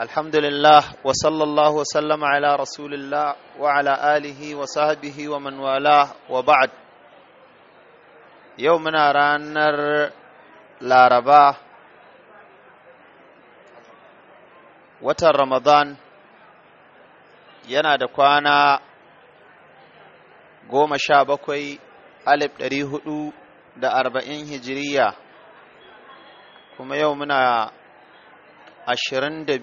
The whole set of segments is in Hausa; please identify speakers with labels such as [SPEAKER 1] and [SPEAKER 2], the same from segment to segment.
[SPEAKER 1] الحمد لله وصلى الله وسلم على رسول الله وعلى آله وصحبه ومن والاه وبعد يومنا رانر لاربا watan Ramadan yana da kwana goma sha bakwai alif ɗari hudu da arba'in hijiriya kuma yau muna ashirin da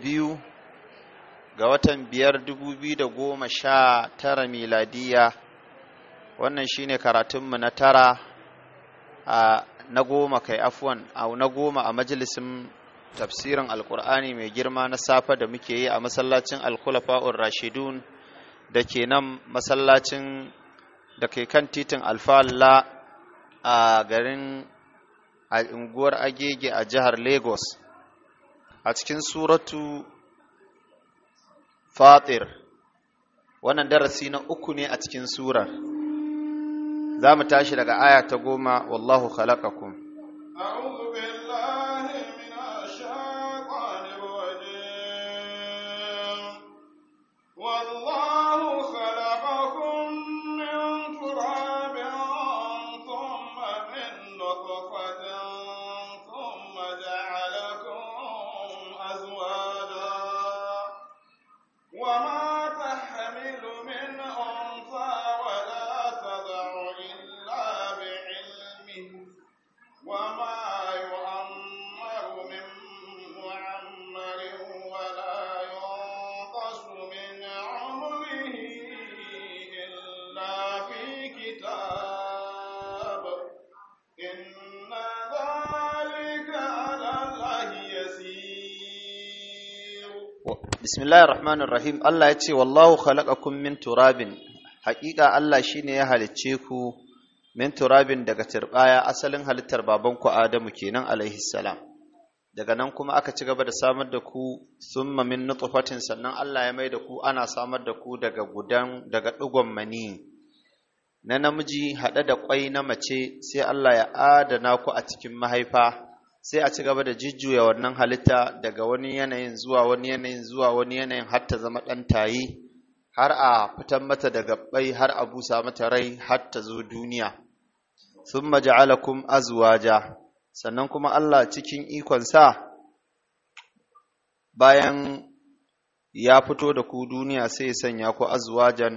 [SPEAKER 1] ga watan biyar dubu biyu miladiya wannan shine karatunmu na tara a na goma kai afwan na goma a majalisin tafsirin alkur'ani mai girma na safa da muke yi a masallacin alkulafa'ur rashidun da ke nan masallacin da ke kan titin alfa'alla a garin a unguwar agege a jihar lagos a cikin suratu fatir wannan darasi na uku ne a cikin surar za mu tashi daga aya ta goma wallahu khalaqakum a'udhu bismillahir rahmanir rahim Allah ya ce wallahu khalaqakum min turabin haƙiƙa Allah shine ya halicce ku min turabin daga turbaya asalin halittar babanku Adamu kenan alaihi salam daga nan kuma aka ci gaba da samar da ku summa min nutfatin sannan Allah ya mai da ku ana samar da ku daga gudan daga digon mani na namiji haɗe da ƙwai na mace sai Allah ya adana ku a cikin mahaifa sai a ci gaba da jujjuya wannan halitta daga wani yanayin zuwa wani yanayin zuwa wani yanayin har ta zama ɗan tayi har a fitar mata da gabbai har a busa mata rai har ta zo duniya thumma ja'alakum azwaja sannan kuma Allah cikin ikonsa bayan ya fito da ku duniya sai ya sanya ku azwajan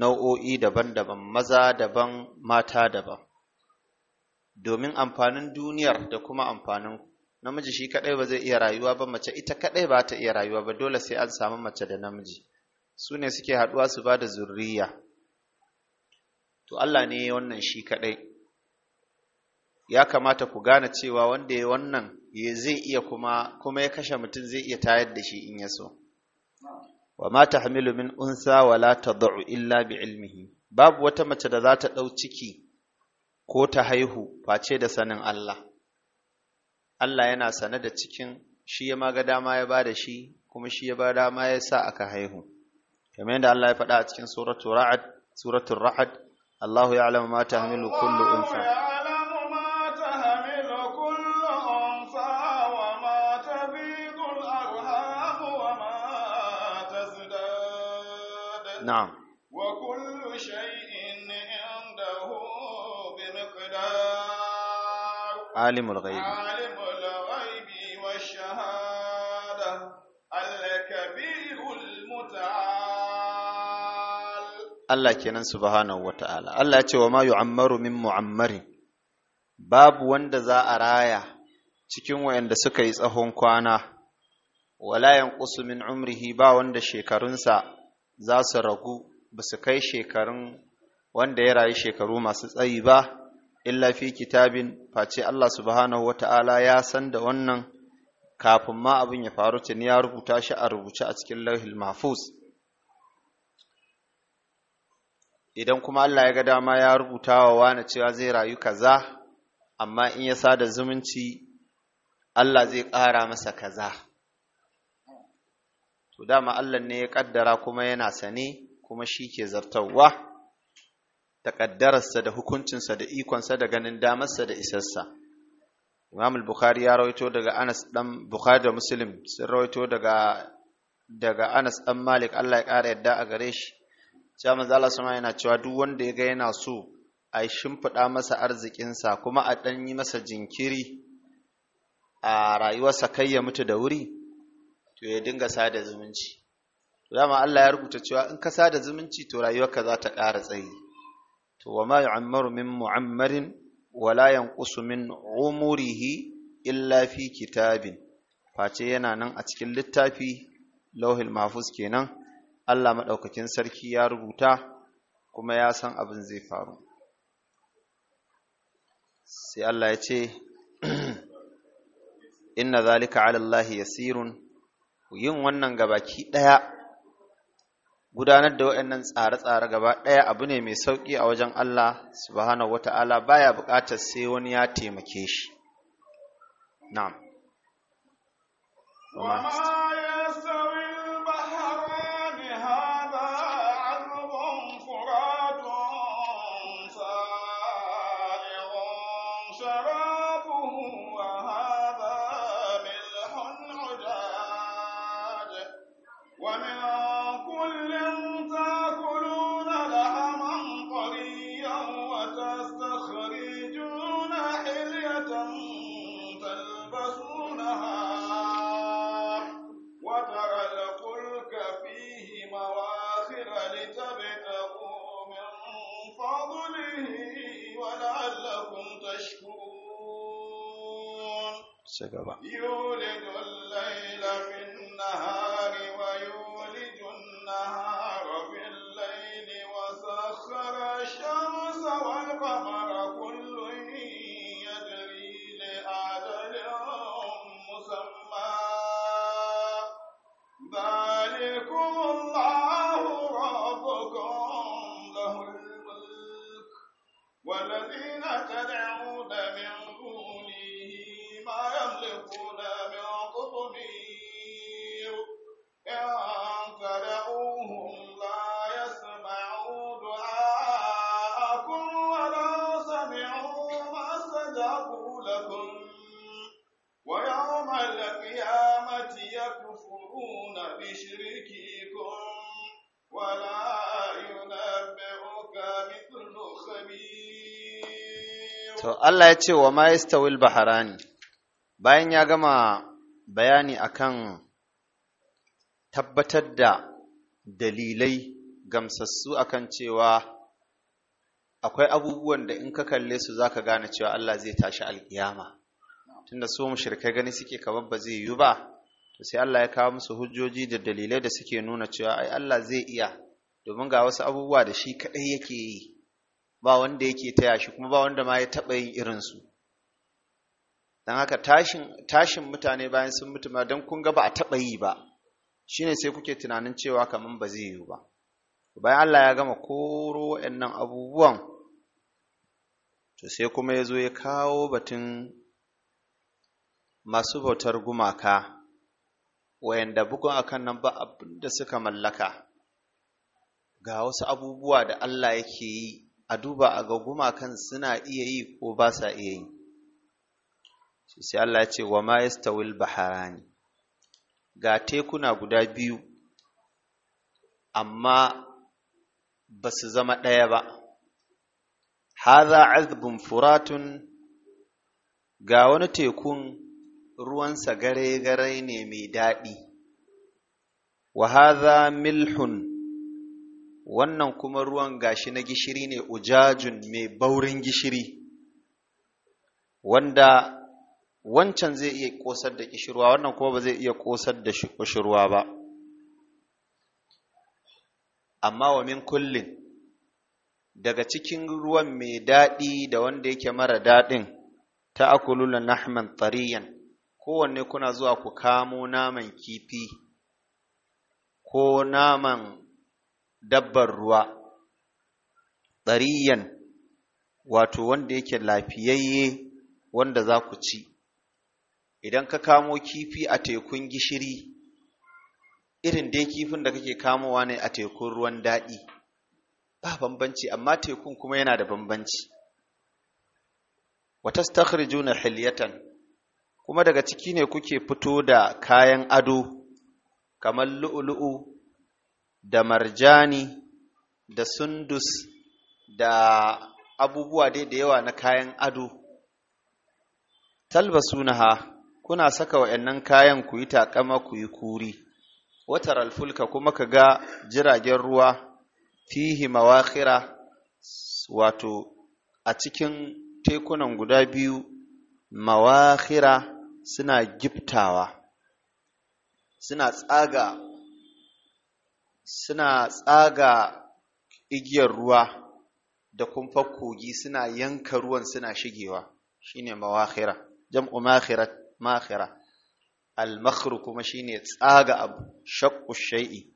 [SPEAKER 1] nau'o'i daban-daban maza daban mata daban domin amfanin duniyar da kuma amfanin namiji shi kadai ba zai iya rayuwa ba mace ita kadai ba ta iya rayuwa ba dole sai an samu mace da namiji su ne suke haduwa su ba da zurriya to Allah ne wannan shi kadai ya kamata ku gane cewa wanda ya wannan zai iya kuma kuma ya kashe mutum zai iya tayar da shi in ya so wa ma tahmilu min unsa wala tad'u illa bi ilmihi babu wata mace da za ta dau ciki ko ta haihu face da sanin Allah Allah yana sane da cikin shi ya maga dama ya bada shi kuma shi ya bada dama ya sa aka haihu kamar yadda Allah ya faɗa a cikin suratul ra'ad, suratul ya Allahu mata ma kullu unsa Na'am. alimul ghaibi alimul ghaibi
[SPEAKER 2] washahada al-kabirul muta'al
[SPEAKER 1] Allah kenan subhanahu wata'ala Allah ya ce wa ma yu'ammaru min mu'ammarin babu wanda za a raya cikin wayanda suka yi tsahon kwana wala yanqusu min umrihi ba wanda shekarunsa za su ragu ba su kai shekarun wanda ya rayu shekaru masu tsayi ba illa fi kitabin face Allah subhanahu Ta'ala ya san da wannan kafin ma abin ya faru tuni ya rubuta shi a rubuce a cikin lauhil mafus. idan kuma Allah ya ga dama ya rubuta wa wani cewa zai rayu kaza amma in ya sa da zumunci Allah zai ƙara masa kaza to dama Allah ne ya ƙaddara kuma yana sane kuma shi ke zartarwa da da hukuncinsa da ikonsa da ganin damarsa da isarsa imam bukhari ya rawaito daga anas dan bukhari da muslim sun rawaito daga daga anas dan malik Allah ya ƙara yadda a gare shi cewa manzo Allah sama yana cewa duk wanda ya ga yana so a shimfiɗa masa arzikinsa kuma a ɗan yi masa jinkiri a rayuwarsa kai ya mutu da wuri to ya dinga sada zumunci dama Allah ya rubuta cewa in ka sada zumunci to rayuwarka za ta ƙara tsayi to wa ma yu'ammaru min mu'ammarin wa la yanqusu min umurihi illa fi kitabin face yana nan a cikin littafi lauhil mahfuz kenan Allah madaukakin sarki ya rubuta kuma ya san abin zai faru sai Allah ya ce inna zalika ala allahi yasirun yin wannan gabaki daya gudanar da waɗannan tsare-tsare gaba ɗaya abu ne mai sauƙi a wajen Allah subhanahu wata'ala baya buƙatar sai wani ya taimake shi na'am ci gaba to Allah ya ce wa ma yastawil baharani bayan ya gama bayani akan tabbatar da dalilai gamsassu akan cewa akwai abubuwan da in ka kalle su za ka gane cewa Allah zai tashi alkiyama tunda su mushrikai gani suke kamar ba zai yi ba to sai Allah ya kawo musu hujjoji da dalilai da suke nuna cewa ai Allah zai iya domin ga wasu abubuwa da shi kadai yake yi ba wanda yake taya shi kuma ba wanda ma ya taɓa yin irinsu don haka tashin mutane bayan sun mutu ma don kun ga ba a taɓa yi ba shine sai kuke tunanin cewa kamar ba zai yiwu ba bayan Allah ya gama koro waɗannan abubuwan to sai kuma ya zo ya kawo batun masu bautar gumaka wayanda bugun akan nan ba abin da suka mallaka ga wasu abubuwa da Allah yake yi a duba a ga gumakan suna iya yi ko ba sa iya yi sai Allah ya ce wa ma yastawil baharani ga tekuna guda biyu amma ba su zama ɗaya ba haza azbun furatun ga wani tekun ruwansa gare-gare ne mai daɗi wa haza milhun wannan kuma ruwan gashi na gishiri ne ujajun mai baurin gishiri wanda wancan zai iya kosar da kishirwa wannan kuma ba zai iya kosar da kishirwa ba amma wa min kullin daga cikin ruwan mai daɗi da wanda yake mara daɗin ta akulula nahman tsariyan kowanne kuna zuwa ku kamo naman kifi ko naman dabbar ruwa ɗariyan wato wanda yake lafiyayye wanda za ku ci idan ka kamo kifi a tekun gishiri irin dai kifin da kake kamowa ne a tekun ruwan daɗi ba bambanci amma tekun kuma yana da bambanci wata juna hilyatan kuma daga ciki ne kuke fito da kayan ado kamar lu'ulu'u da marjani da sundus da abubuwa dai da yawa na kayan ado talbasunaha kuna saka wa'annan kayan ku yi takama ku yi kuri watar alfulka kuma ka ga jiragen ruwa fihi mawakira wato a cikin tekunan guda biyu mawakira suna giftawa suna tsaga suna tsaga igiyar ruwa da kumfar kogi suna yanka ruwan suna shigewa shine mawakhira jam'u makhira makhira al-makhru kuma shine tsaga abu shaqqu shay'i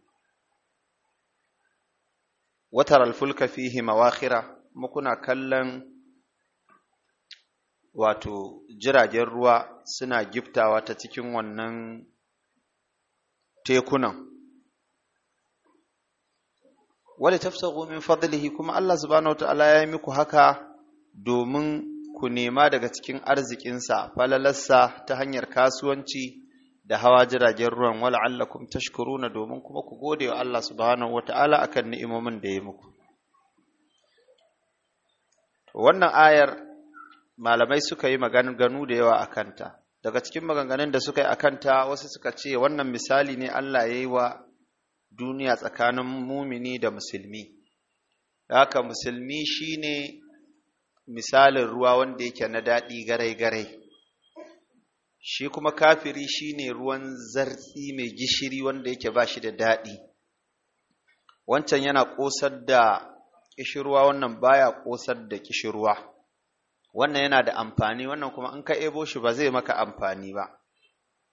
[SPEAKER 1] watar al-fulka fihi mawakhira mukuna kallon wato jiragen ruwa suna giftawa ta cikin wannan tekunan wali tafsagu min fadlihi kuma Allah subhanahu wataala ya yi muku haka domin ku nema daga cikin arzikinsa falalarsa ta hanyar kasuwanci da hawa jiragen ruwan wala'allakum tashkuruna domin kuma ku gode wa Allah subhanahu wataala akan ni'imomin da ya muku wannan ayar malamai suka yi maganu-ganu da yawa a daga cikin maganganun da suka yi akanta wasu suka ce wannan misali ne Allah ya yi wa duniya tsakanin mumini da musulmi haka musulmi shine misalin ruwa wanda yake na daɗi garai-garai shi kuma kafiri shine ruwan zartsi mai gishiri wanda yake ba shi da daɗi wancan yana ƙosar da ƙishirwa wannan baya ƙosar da ƙishirwa wannan yana da amfani wannan kuma in ka ebo shi ba zai maka amfani ba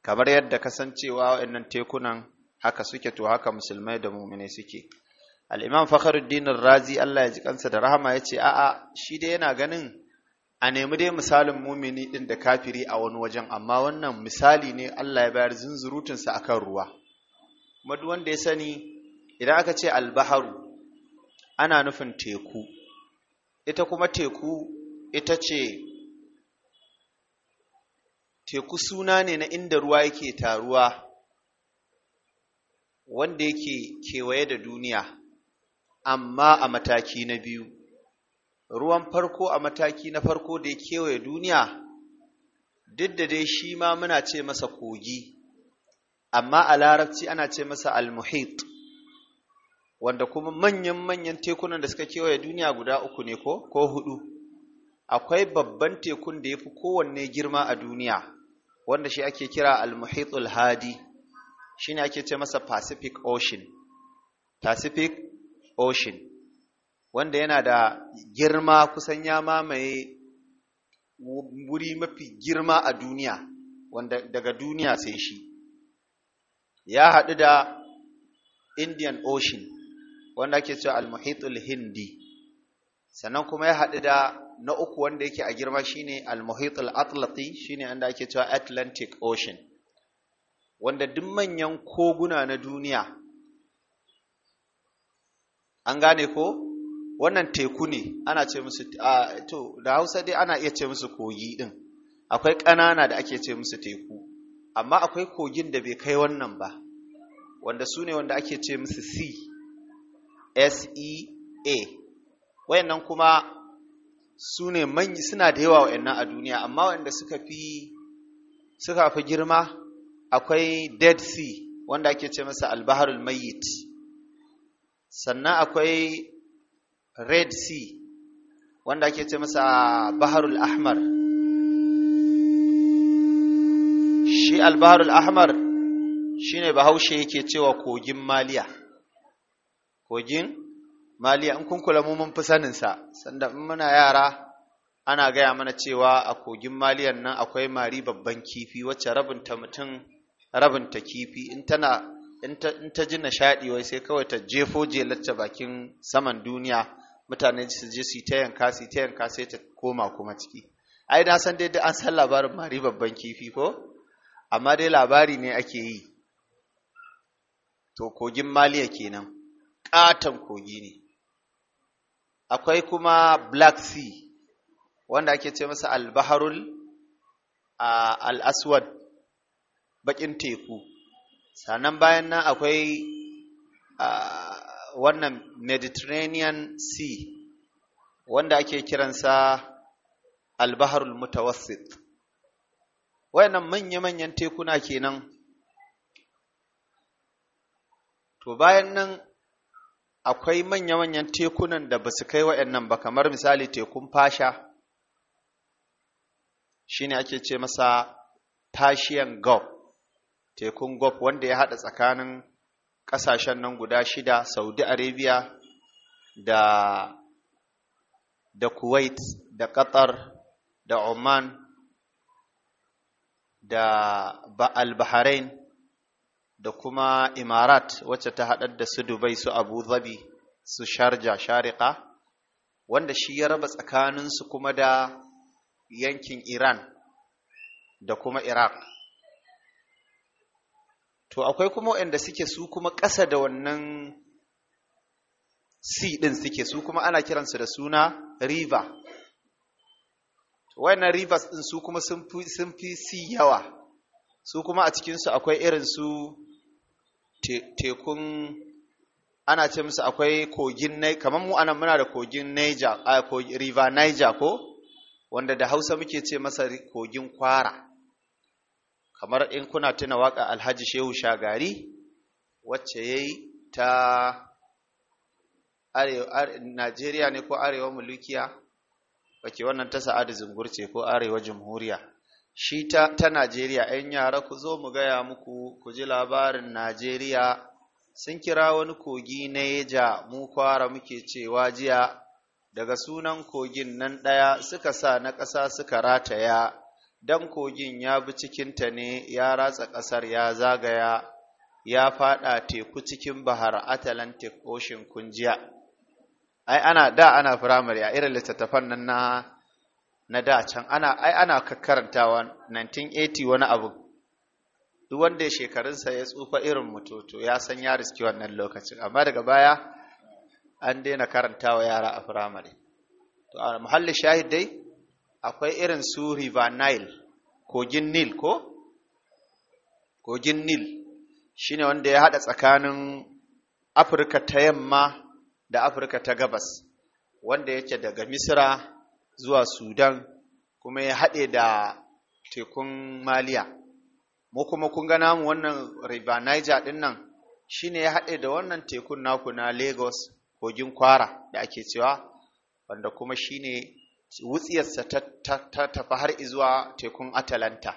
[SPEAKER 1] kamar yadda kasancewa waɗannan tekunan haka suke to haka musulmai da muminai suke al'imam fakhruddin razi Allah ya ji kansa da rahama ya ce a'a shi dai yana ganin a nemi dai misalin mumini din da kafiri a wani wajen amma wannan misali ne Allah ya bayar zunzurutunsa akan ruwa madu wanda ya sani idan aka ce albaharu ana nufin teku ita kuma teku ita ce teku suna ne na inda ruwa yake taruwa wanda yake kewaye da duniya amma a mataki na biyu ruwan farko a mataki na farko da ya kewaye duniya duk da dai shi ma muna ce masa kogi amma a larabci ana ce masa almuhit wanda kuma manyan manyan tekunan da suka kewaye duniya guda uku ne ko ko hudu akwai babban tekun da ya fi kowanne girma a duniya wanda shi ake kira almuhitul hadi ne ake ce masa Pacific Ocean Pacific Ocean wanda yana da girma kusan ya mamaye wuri mafi girma a duniya wanda daga duniya sai shi ya haɗu da Indian Ocean wanda ake ce Al-Muhitul Hindi sannan kuma ya haɗu da na uku wanda yake a girma shine Al-Muhitul Atlati shine wanda ake ce Atlantic Ocean wanda duk manyan koguna na duniya an gane ko wannan teku ne ana ce musu to da hausa dai ana iya ce musu kogi din akwai ƙanana da ake ce musu teku amma akwai kogin da bai kai wannan ba wanda su ne wanda ake ce musu C S E a wayannan kuma su ne manyi suna da yawa wayannan a duniya amma wanda suka fi suka fi girma akwai dead sea wanda ake ce masa albaharul mayit sannan akwai red sea wanda ake ce masa ah, baharul ahmar shi albaharul ahmar ne bahaushe yake cewa kogin maliya kogin maliya in kunkula mu mun fi saninsa sanda in muna yara ana gaya mana cewa a kogin maliyan nan akwai mari babban kifi wacce rabinta mutum rabin ta kifi in tana in ta ji nishaɗi wai sai kawai ta jefo jelarta bakin saman duniya mutane su je su ta yanka su ta yanka sai ta koma kuma ciki ai na san dai an san labarin mari babban kifi ko amma dai labari ne ake yi to kogin maliya kenan katon kogi ne akwai kuma black sea wanda ake ce masa albaharul al-aswad bakin teku sannan bayan nan akwai wannan mediterranean sea wanda ake kiransa albaharul mutawassit wayannan manya-manyan tekuna kenan to bayan nan akwai manya-manyan tekunan da ba su kai wayannan ba kamar misali tekun fasha shine ake ce masa fashiyan gulf tekun Gulf wanda ya haɗa tsakanin ƙasashen nan guda shida, Saudi Arabia da da Kuwait da Qatar da Oman da Al-Bahrain da kuma Imarat wacce ta haɗar da su Dubai su Abu Dhabi su Sharja Shariƙa wanda shi ya raba tsakaninsu kuma da yankin Iran da kuma Iraq. to akwai kuma waɗanda suke su kuma ƙasa da wannan si ɗin suke su kuma ana kiransu da suna river wannan rivers ɗin su kuma sun fi si yawa su kuma a cikinsu akwai irin su tekun ana ce musu akwai kogin kamar mu anan muna da kogin Niger a river Niger ko wanda da Hausa muke ce masa kogin kwara kamar in kuna tuna waƙa alhaji shehu shagari wacce ya yi ta najeriya ne ko arewa mulkiya wacce wannan ta sa'adu zungurce ko arewa jamhuriya shi ta, ta najeriya 'yan yara ku zo mu gaya muku ku ji labarin najeriya sun kira wani kogi na yeja mu kwara muke cewa jiya daga sunan kogin nan ɗaya suka sa na ƙasa suka rataya dan kogin ya bi cikinta ne ya ratsa ƙasar ya zagaya ya faɗa teku cikin bahar Atlantic Ocean kunjiya. Ai, ana da ana firamare a irin littattafan nan na na da can ana ai ana karantawa 1980 wani abu duk wanda shekarunsa ya tsufa irin mutoto ya san ya riski wannan lokacin amma daga baya an daina karantawa yara a firamare to a muhalli shahid dai akwai irin su river nile kogin nil ko kogin nil shi ne wanda ya haɗa tsakanin afirka ta yamma da afirka ta gabas wanda yake daga misira zuwa sudan kuma ya haɗe da tekun maliya mu kuma kun ga namu wannan river niger ɗin nan ne ya haɗe da wannan tekun naku na lagos kogin kwara da ake cewa wanda kuma shi ne. wutsiyarsa ta tafi har zuwa tekun atalanta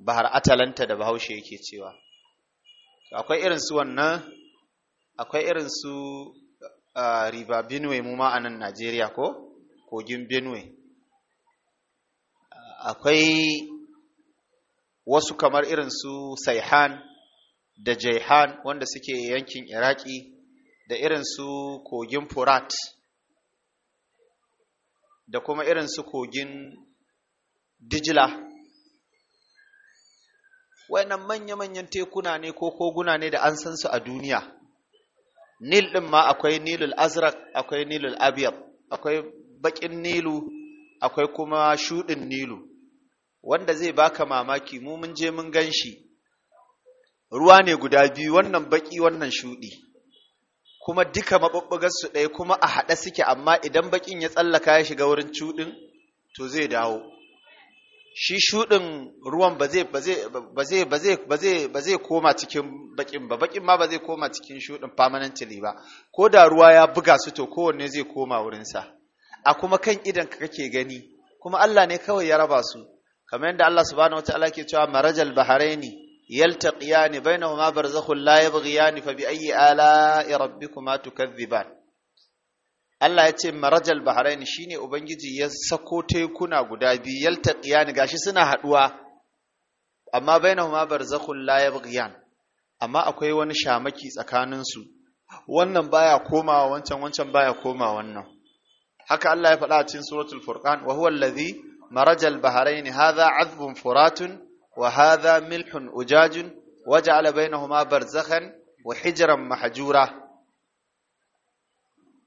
[SPEAKER 1] bahar atalanta da bahaushe yake cewa akwai irin su wannan akwai irin su riba benue mu ma a nan najeriya ko kogin benue akwai wasu kamar irin su saihan da jaihan wanda suke yankin iraki da irin su kogin furat da kuma irin su kogin dijila wayannan manya-manyan tekuna ne ko koguna ne da an san su a duniya nil ɗin ma akwai nilul azraq akwai nilul abiyab akwai baƙin nilu akwai kuma shuɗin nilu wanda zai baka mamaki mu mun je mun gan shi ruwa ne guda biyu wannan baki, wannan shuɗi kuma duka maɓuɓɓugar su ɗaya kuma a haɗe suke amma idan baƙin ya tsallaka ya shiga wurin cuɗin to zai dawo shi shuɗin ruwan ba zai koma cikin baƙin ba baƙin ma ba zai koma cikin shuɗin permanently ba ko da ruwa ya buga su to kowanne zai koma wurinsa a kuma kan idan ka kake gani kuma Allah ne kawai ya raba su kamar yadda Allah subhanahu ta'ala ke cewa marajal baharaini yaltaqiyani bainahuma barzakhun la yabghiyani fa bi ayyi ala'i rabbikuma tukadhiban Allah ya ce marajal bahrain shine ubangiji ya sako tekuna guda biyu yaltaqiyani gashi suna haduwa amma bainahuma barzakhun la yabghiyan amma akwai wani shamaki tsakanin su wannan baya komawa wancan wancan baya komawa wannan haka Allah ya faɗa a cikin suratul furqan wa huwa allazi marajal bahrain hadha azbun furatun وهذا ملح أجاج وجعل بينهما برزخا وحجرا wa mahjura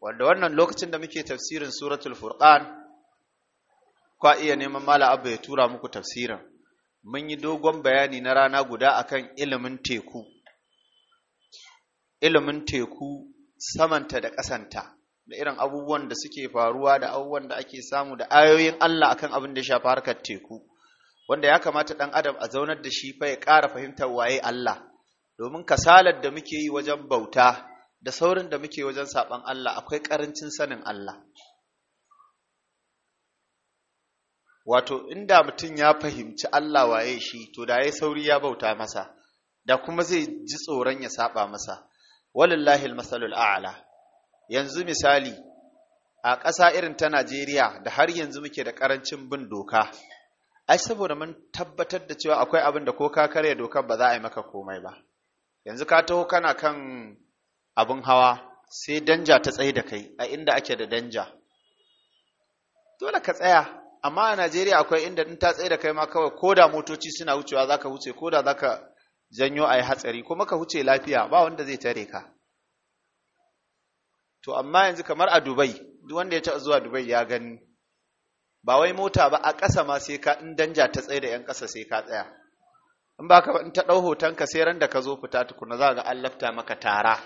[SPEAKER 1] wanda wannan lokacin da muke tafsirin suratul furqan kwa iya neman mala abu ya tura muku tafsirin mun yi dogon bayani na rana guda akan ilimin teku ilimin teku samanta da ƙasanta da irin abubuwan da suke faruwa da abubuwan da ake samu da ayoyin Allah akan abin da ya shafi harkar teku wanda ya kamata ɗan adam a zaunar da shi fa ya ƙara fahimtar waye Allah domin kasalar da muke yi wajen bauta da saurin da muke wajen saɓan Allah akwai ƙarancin sanin Allah wato inda mutum ya fahimci Allah waye shi to da ya sauri ya bauta masa da kuma zai ji tsoron ya saɓa masa walillahi almasalul a'la yanzu misali a ƙasa irin ta Najeriya da har yanzu muke da ƙarancin bin doka ai saboda mun tabbatar da cewa akwai abin da ko ka karya dokar ba za a yi maka komai ba yanzu ka taho kana kan abin hawa sai danja ta tsaye da kai a inda ake da danja dole ka tsaya amma a Najeriya akwai inda in ta tsaye da kai ma kawai ko da motoci suna wucewa za ka wuce ko da za ka janyo a yi hatsari kuma ka wuce lafiya ba wanda zai tare ka to amma yanzu kamar a Dubai duk wanda ya taɓa zuwa Dubai ya gani ba wai mota ba a ƙasa ma sai ka in danja ta tsaye da yan ƙasa sai ka tsaya in ba ka in ta ɗau hoton sai ran da ka zo fita tukuna za ga an lafta maka tara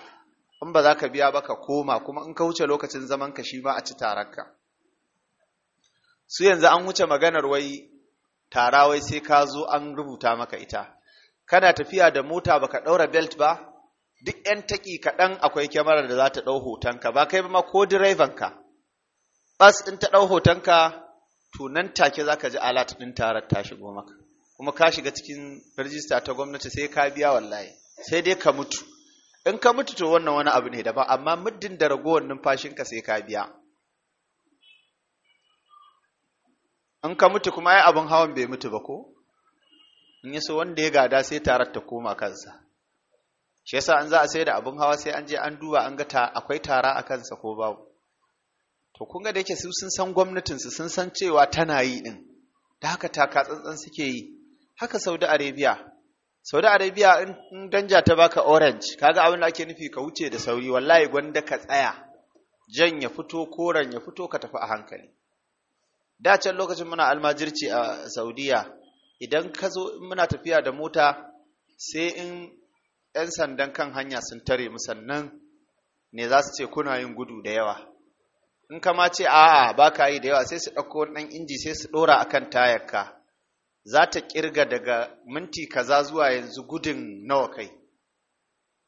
[SPEAKER 1] in ba za ka biya ba ka koma kuma in ka wuce lokacin zaman ka shi ma a ci ka. su yanzu an wuce maganar wai tara wai sai ka zo an rubuta maka ita kana tafiya da mota ba ka ɗaura belt ba duk 'yan taƙi kaɗan akwai kyamarar da za ta ɗau hotonka ba kai ba ma ko direbanka bas in ta ɗau hotonka to nan take za ka ji alat ɗin tarar ta shigo maka kuma ka shiga cikin rajista ta gwamnati sai ka biya wallahi sai dai ka mutu in ka mutu to wannan wani abu ne daban amma muddin da ragowar numfashinka sai ka biya in ka mutu kuma ai abin hawan bai mutu ba ko in so wanda ya gada sai tarar ta koma kansa shi yasa an za a sai da abin hawa sai an je an duba an ga akwai tara a kansa ko babu to kun ga da yake su sun san gwamnatinsu sun san cewa tana yi din da haka taka tsantsan suke yi haka saudi arabia saudi arabia in danja ta baka orange kaga abin da ake nufi ka wuce da sauri wallahi gwanda ka tsaya jan ya fito koren ya fito ka tafi a hankali da can lokacin muna almajirci a saudiya idan ka zo muna tafiya da mota sai in 'yan sandan kan hanya sun tare mu sannan ne za su ce kuna yin gudu da yawa in ka ma ce a'a ba ka yi da yawa sai su ɗauko ɗan inji sai su ɗora a kan tayarka za ta ƙirga daga minti kaza zuwa yanzu gudun nawa kai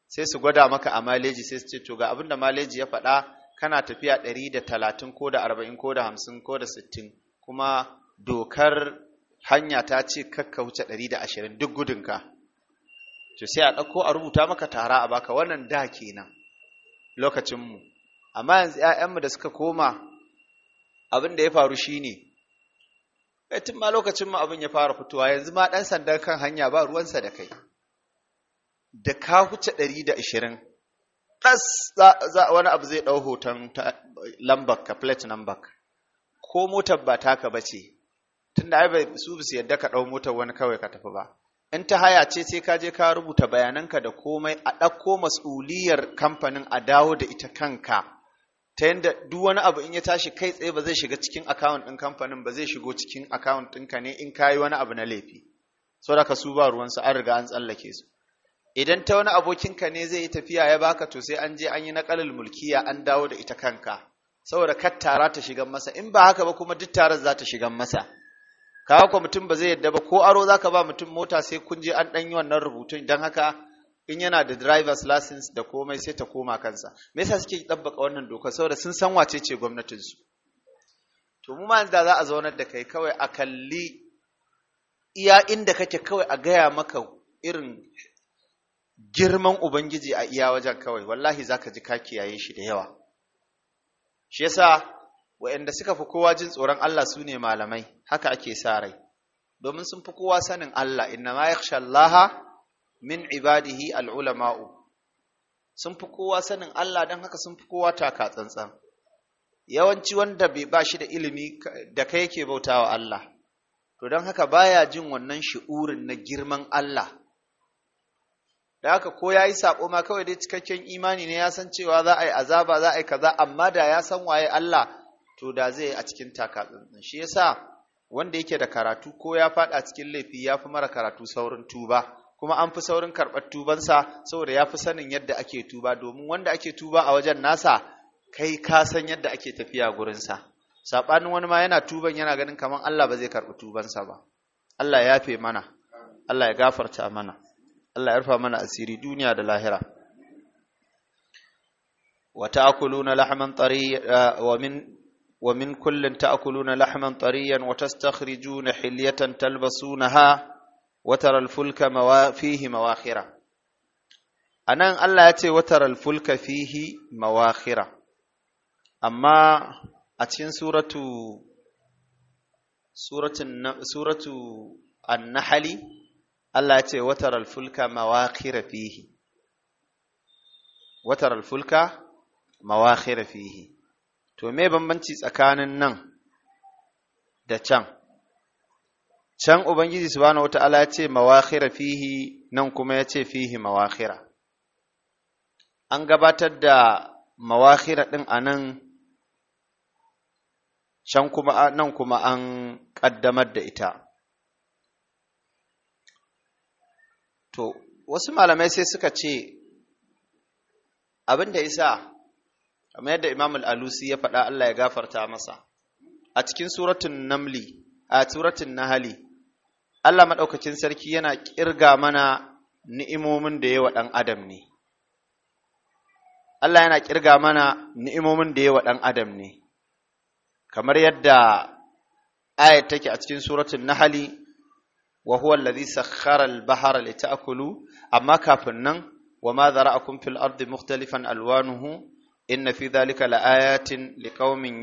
[SPEAKER 1] sai su gwada maka a maleji sai su ce to ga abin da maleji ya faɗa kana tafiya ɗari da talatin ko da arba'in ko da hamsin ko da sittin kuma dokar hanya ta ce kakka wuce ɗari da ashirin duk gudunka to sai a ɗauko a rubuta maka tara a baka wannan da kenan lokacinmu amma yanzu ‘ya'yanmu da suka koma abin da ya faru shi ne tun ma lokacin ma abin ya fara fitowa yanzu ma ɗan sandan kan hanya ba ruwansa da kai da ka huce ɗari da ashirin ɗas za wani abu zai ɗau hoton lambar ka plate number ko motar ba taka ba ce tunda ai su bisu yadda ka ɗau motar wani kawai ka tafi ba in ta haya ce sai ka je ka rubuta bayananka da komai a ɗauko mas'uliyar kamfanin a dawo da ita kanka ta yadda duk wani abu in ya tashi kai tsaye ba zai shiga cikin akawun ɗin kamfanin ba zai shigo cikin akawun ɗinka ne in kayi wani abu na laifi da ka su ba ruwansu an riga an tsallake su idan ta wani abokinka ne zai yi tafiya ya baka to sai an je an yi naƙalal mulkiya an dawo da ita kanka saboda kar tara ta shigan masa in ba haka ba kuma duk tarar za ta shigan masa kawo ko mutum ba zai yadda ba ko aro za ka ba mutum mota sai kun je an ɗan yi wannan rubutun don haka in yana da driver's license da komai sai ta koma kansa me yasa suke dabbaka wannan doka saboda sun san wace ce gwamnatin su to mu ma da za a zaunar da kai kawai a kalli iya inda kake kawai a gaya maka irin girman ubangiji a iya wajen kawai wallahi zaka ji ka kiyaye shi da yawa shi yasa wa'anda suka fi kowa jin tsoron Allah su ne malamai haka ake sa rai domin sun fi kowa sanin Allah inna ma yakhsha Allah min ibadihi al'ulama'u sun fi kowa sanin Allah don haka sun fi kowa taka tsantsan yawanci wanda bai ba shi da ilimi da kai yake bautawa Allah to don haka baya jin wannan shi'urin na girman Allah da haka ko ya yi saƙo ma kawai dai cikakken imani ne ya san cewa za a yi azaba za a yi kaza amma da ya san waye Allah to da zai yi a cikin taka tsantsan shi yasa wanda yake da karatu ko ya faɗa cikin laifi ya fi mara karatu saurin tuba kuma an fi saurin karɓar tubansa saboda ya fi sanin yadda ake tuba domin wanda ake tuba a wajen nasa kai ka san yadda ake tafiya gurinsa saɓanin wani ma yana tuban yana ganin kaman Allah ba zai karɓi tubansa ba Allah ya fe mana Allah ya gafarta mana Allah ya rufa mana asiri duniya da lahira wa ta'kuluna lahman tariya eh, wa min wa min kullin ta'kuluna lahman tariyan wa tastakhrijuna hilyatan talbasunaha wataral fulka fihi mawakhira nan, Allah ya ce wataral fulka fihi mawakhira amma a cikin suratu suratu suratu an Allah ya ce wataral fulka mawakhira fihi wataral fulka mawakhira fihi to me bambanci tsakanin nan da can can ubangiji subhanahu wata'ala ya ce mawakhira fihi nan kuma ya ce fihi mawakhira an gabatar da mawakhira din a nan can kuma nan kuma an ƙaddamar da ita to wasu malamai sai suka ce abin da isa kamar yadda imam al'alusi ya faɗa Allah ya gafarta masa a cikin suratun namli a suratun nahali Allah maɗaukacin sarki yana ƙirga mana ni'imomin da yawa ɗan adam ne. Allah yana ƙirga mana ni'imomin da yawa ɗan adam ne, kamar yadda ayat take a cikin suratun Nahali, wa huwa allazi sakhara al-bahara li ta'kulu amma kafin nan wa ma zara'akum fil ardi mukhtalifan alwanuhu inna fi dhalika laayatin liqaumin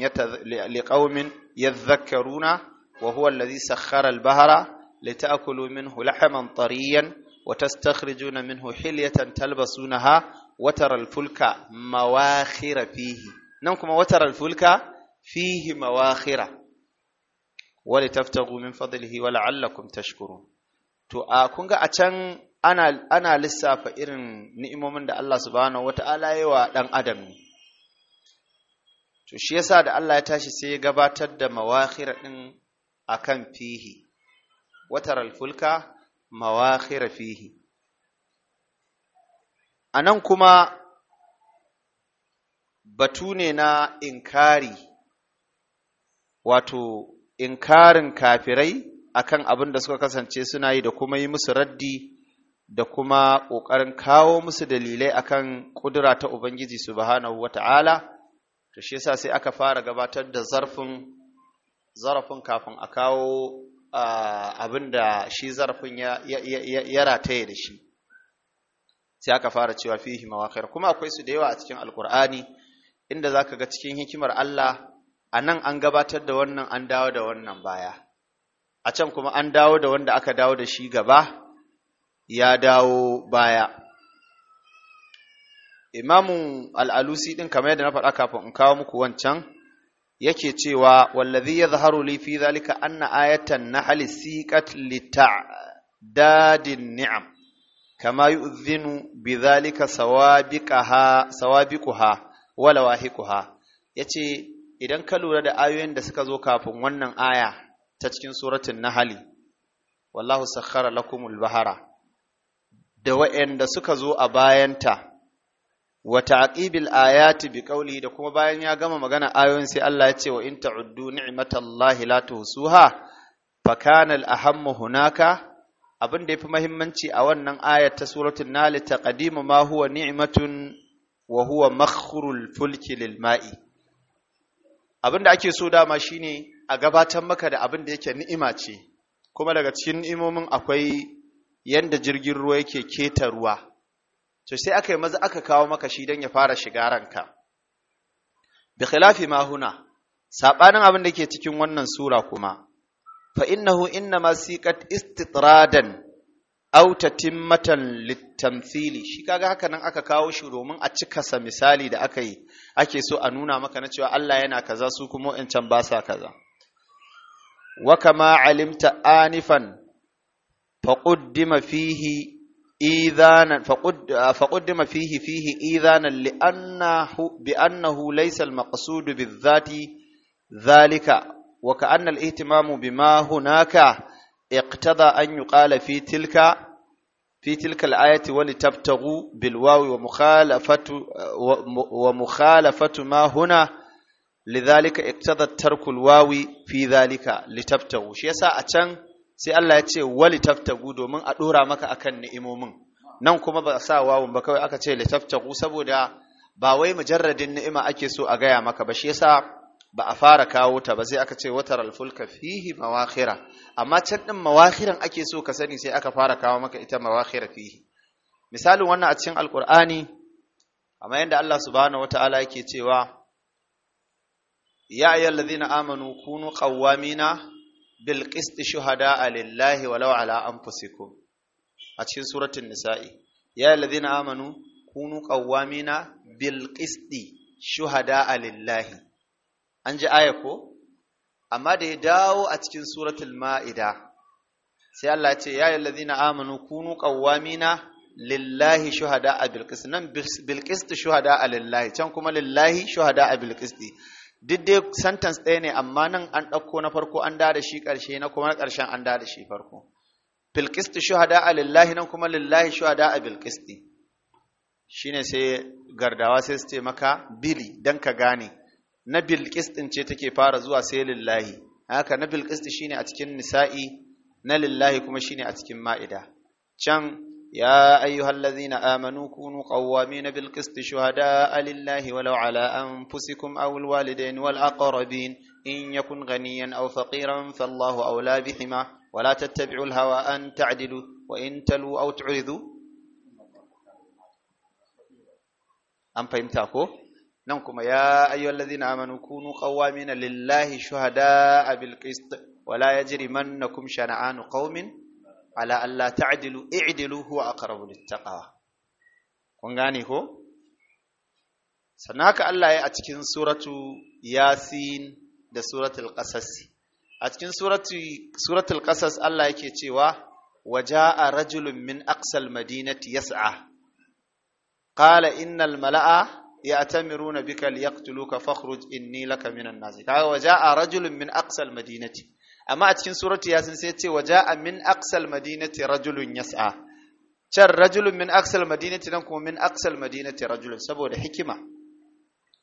[SPEAKER 1] liqaumin yadhakkaruna wa huwa allazi sakhara al-bahara لتأكلوا منه لحما طريا وتستخرجون منه حلية تلبسونها وترى الفلك مواخر فيه نمكم وترى الفلك فيه مواخر ولتفتغوا من فضله ولعلكم تشكرون to a kun ga a can ana, ana lissafa irin ni'imomin da Allah subhanahu wata'ala ya wa ɗan adam ne to shi yasa da Allah ya tashi sai ya gabatar da mawakhir din akan fihi watar alfulka mawakhira fihi a nan kuma batu ne na inkari wato inkarin kafirai akan abin da suka kasance suna yi da kuma yi musu raddi da kuma ƙoƙarin kawo musu dalilai akan ƙudura ta Ubangiji subhanahu wata'ala to shi yasa sai aka fara gabatar da zarfin zarafin kafin a kawo abin da shi zarafin ya rataye da shi sai aka fara cewa fihi mawaƙir kuma akwai su da yawa a cikin alkur'ani inda za ka ga cikin hikimar Allah a nan an gabatar da wannan an dawo da wannan baya a can kuma an dawo da wanda aka dawo da shi gaba ya dawo baya imamun al'alusi ɗin kamar yadda na faɗa kafin in kawo muku wancan yake cewa wallazi yadhharu li fi zalika anna ayatan nahl siqat lita'dadin ni'am kama yu'dhinu zalika sawabiqaha sawabiquha wa lawahiquha yace idan ka lura da ayoyin da suka zo kafin wannan aya ta cikin suratul nahl wallahu sakhkhara lakumul bahara da wa'anda suka zo a bayanta wa taqibil ayati bi qawli da kuma bayan ya gama magana ayoyin sai Allah ya ce wa in ta'uddu ni'matallahi la tuhsuha fa kana al-ahammu hunaka abin da yafi muhimmanci a wannan ayat ta suratul nahl taqdimu ma huwa ni'matun wa huwa makhrul fulki lil ma'i abin da ake so dama shine a gabatar maka da abin da yake ni'ima ce kuma daga cikin ni'imomin akwai yanda jirgin ruwa yake keta ruwa to sai aka yi maza aka kawo maka shi don ya fara shiga ranka bi khilafi ma huna saɓanin abin da ke cikin wannan sura kuma fa innahu inna ma siƙat istitradan auta timmatan littamfili, shi kaga haka nan aka kawo shi domin a cika sa misali da aka yi ake so a nuna maka na cewa Allah yana kaza su kuma can ba sa kaza wa kama alimta anifan fa fihi إيذانا فقد فقدم فيه فيه إيذانا لأنه بأنه ليس المقصود بالذات ذلك وكأن الاهتمام بما هناك اقتضى أن يقال في تلك في تلك الآية ولتبتغوا بالواو ومخالفة ومخالفة ما هنا لذلك اقتضى ترك الواو في ذلك لتبتغوا شيء يسا أتشن sai Allah ya ce wali taftagu domin a ɗora maka akan ni'imomin nan kuma ba sa wawun ba kawai aka ce li taftagu saboda ba wai mujarradin ni'ima ake so a gaya maka ba shi yasa ba a fara kawo ta ba sai aka ce watar alfulka fihi mawakhira amma can din mawakhiran ake so ka sani sai aka fara kawo maka ita mawakhira fihi misalin wannan a cikin alqur'ani amma yanda Allah subhanahu wataala yake cewa ya ayyuhallazina amanu kunu qawwamina bil qist shuhada lillahi walau ala anfusikum a cikin suratul nisa'i ya alladhina amanu kunu qawwamina bil qist shuhada alillahi. an ji aya ko amma da ya dawo a cikin suratul ma'ida sai Allah ya ce ya alladhina amanu kunu qawwamina lillahi shuhada a bilqis nan bilqis shuhada alillahi, can kuma lillahi shuhada a bilqis duk dai sentence ɗaya ne amma nan an ɗauko na farko an da da shi ƙarshe na kuma ƙarshen an da da shi farko bilqist shuhada a lillahi nan kuma lillahi shuhada a bilqisti shine sai gardawa sai su ce maka bili dan ka gane na bilqist din ce take fara zuwa sai lillahi haka na bilqist shine a cikin nisa'i na lillahi kuma shine a cikin ma'ida can يا أيها الذين آمنوا كونوا قوامين بالقسط شهداء لله ولو على أنفسكم أو الوالدين والأقربين إن يكن غنيا أو فقيرا فالله أولى بهما ولا تتبعوا الهوى أن تعدلوا وإن تلوا أو تعرضوا أم فهمتاكو نمكم يا أيها الذين آمنوا كونوا قوامين لله شهداء بالقسط ولا يجرمنكم شنعان قوم ala Allah ta'dilu i'dilu huwa aqrabu littaqwa kun gane ko sanaka Allah ya a cikin suratu yasin da suratul qasas a cikin suratul qasas Allah yake cewa waja'a rajulun min aqsal madinati yas'a qala innal mala'a ya'tamiruna bika liyaqtuluka fakhruj inni laka minan nazi kaga waja'a rajulun min aqsal madinati amma a cikin suratu yasin sai ce wa ja'a min aqsal madinati rajulun yas'a can rajulun min aqsal madinati nan kuma min aqsal madinati rajulun saboda hikima